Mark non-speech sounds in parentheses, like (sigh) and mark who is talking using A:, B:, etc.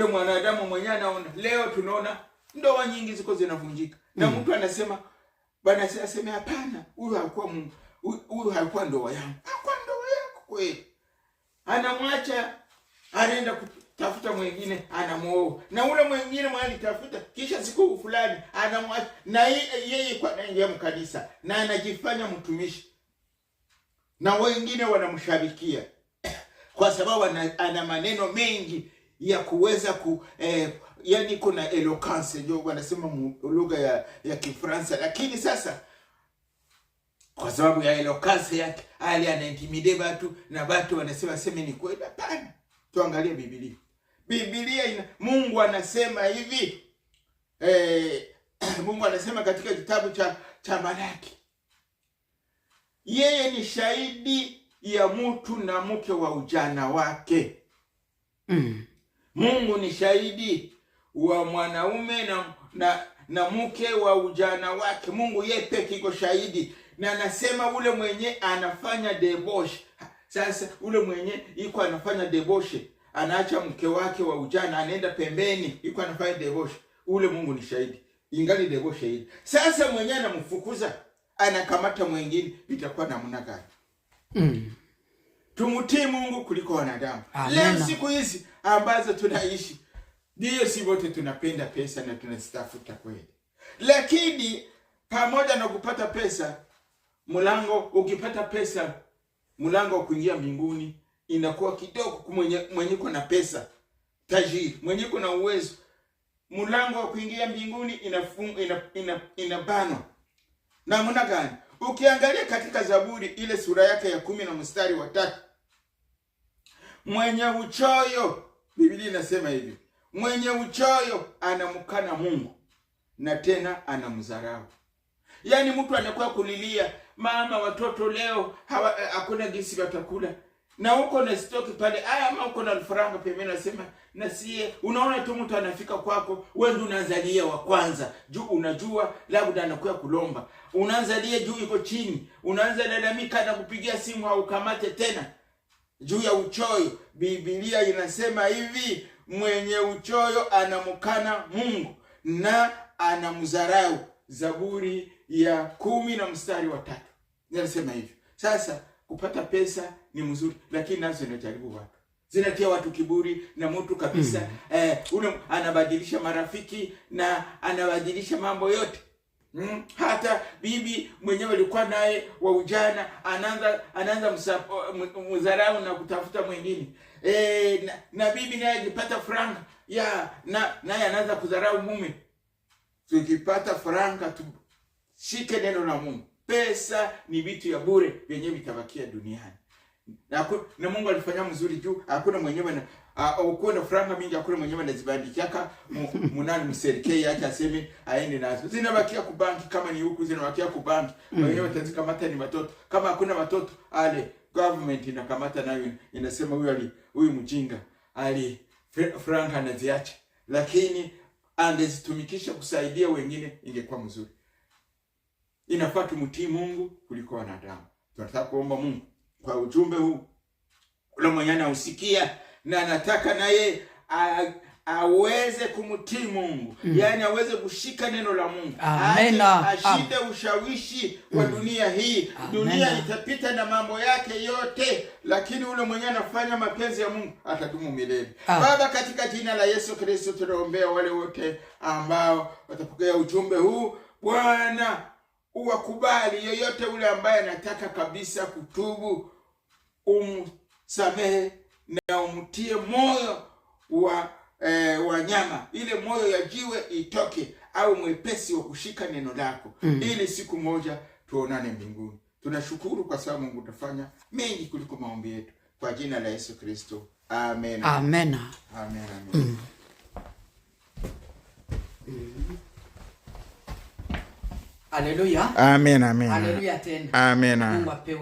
A: Ule mwanadamu mwenyewe anaona. Leo tunaona ndoa nyingi ziko zinavunjika na hmm. mtu anasema bana, aseme hapana, huyu hakuwa Mungu, huyu hakuwa ndoa yangu. Hakuwa ndoa yako kweli, anamwacha anaenda kutafuta mwingine, anamwoa na ule mwingine mwali tafuta, kisha siku fulani anamwacha na yeye kwa ya mkanisa na anajifanya mtumishi na wengine wanamshabikia kwa sababu ana, ana maneno mengi ya kuweza ku eh, yani kuna eloquence ndio wanasema lugha ya, ya Kifaransa, lakini sasa kwa sababu ya eloquence yake ali anaintimide watu na watu wanasema sema ni kweli. Hapana, tuangalie Biblia. Biblia ina Mungu anasema hivi eh, (clears throat) Mungu anasema katika kitabu cha, cha Malaki, yeye ni shahidi ya mtu na mke wa ujana wake mm. Mungu ni shahidi wa mwanaume na, na, na mke wa ujana wake. Mungu yeye peke iko shahidi, na anasema ule mwenye anafanya deboshe. Sasa ule mwenye iko anafanya deboshe, anaacha mke wake wa ujana, anaenda pembeni, iko anafanya deboshe, ule Mungu ni shahidi, ingali deboshe hili. Sasa mwenye anamfukuza anakamata mwengine, itakuwa namna gani? mm. Tumutii Mungu kuliko wanadamu. Leo siku hizi ambazo tunaishi. Ndiyo, si wote tunapenda pesa na tunazitafuta kweli, lakini pamoja na kupata pesa, mlango ukipata pesa, mlango wa kuingia mbinguni inakuwa kidogo. Mwenye mwenye na pesa, tajiri, mwenye na uwezo, mlango wa kuingia mbinguni inabanwa ina, ina, ina namna gani? Ukiangalia katika Zaburi ile sura yake ya kumi na mstari wa tatu, mwenye uchoyo Biblia inasema hivi, mwenye uchoyo anamkana Mungu na tena anamdharau. Yaani mtu anakuwa kulilia, mama, watoto leo eh, hakuna gisi watakula na huko na stoki pale aya ama huko na elfu faranga pembeni, nasema na sie. Unaona tu mtu anafika kwako, wewe ndio unazalia wa kwanza juu, unajua labda anakuwa kulomba, unaanzalia juu iko chini, unaanza lalamika na kupigia simu haukamate tena juu ya uchoyo. Biblia inasema hivi, mwenye uchoyo anamkana Mungu na anamdharau. Zaburi ya kumi na mstari wa tatu inasema hivyo. Sasa kupata pesa ni mzuri, lakini nazo zinajaribu watu, zinatia watu kiburi na mtu kabisa mm. Eh, ule anabadilisha marafiki na anabadilisha mambo yote Hmm, hata bibi mwenyewe alikuwa naye wa ujana anaanza anaanza mzarau na kutafuta mwingine e, na, na bibi naye akipata franga ya na naye anaanza kudharau mume. Tukipata faranga tushike neno la Mungu. Pesa ni vitu ya bure vyenyewe vitabakia duniani na Mungu alifanya mzuri juu hakuna mwenyewe na ukuwe na furaha mingi hakuna mwenyewe anazibandikiaka munani mserikei yake aseme aende nazo zinabakia kubanki, kama ni huku zinabakia kubanki mm. wenyewe watazikamata ni watoto, kama hakuna watoto ale government inakamata nayo inasema huyu ali huyu mjinga ali franga anaziacha, lakini angezitumikisha kusaidia wengine ingekuwa mzuri. Inafaa tumtii Mungu kuliko wanadamu. Tunataka kuomba Mungu kwa ujumbe huu ule mwenye anausikia na anataka naye aweze kumtii Mungu mm. Yaani aweze kushika neno la Mungu, ashinde mm. ushawishi mm. wa dunia hii. Dunia itapita na mambo yake yote, lakini ule mwenye anafanya mapenzi ya Mungu atadumu milele. Ah. Baba, katika jina la Yesu Kristo tunaombea wale wote ambao watapokea ujumbe huu Bwana uwakubali yoyote ule ambaye anataka kabisa kutubu, umsamehe na umtie moyo wa e, eh, wanyama, ile moyo ya jiwe itoke, au mwepesi wa kushika neno lako mm. ili siku moja tuonane mbinguni. Tunashukuru kwa sababu Mungu utafanya mengi kuliko maombi yetu, kwa jina la Yesu Kristo, amen, amen. amen, amen. Mm.
B: Haleluya. Amen, amen.
A: Haleluya tena.
B: Amen. Mungu apewe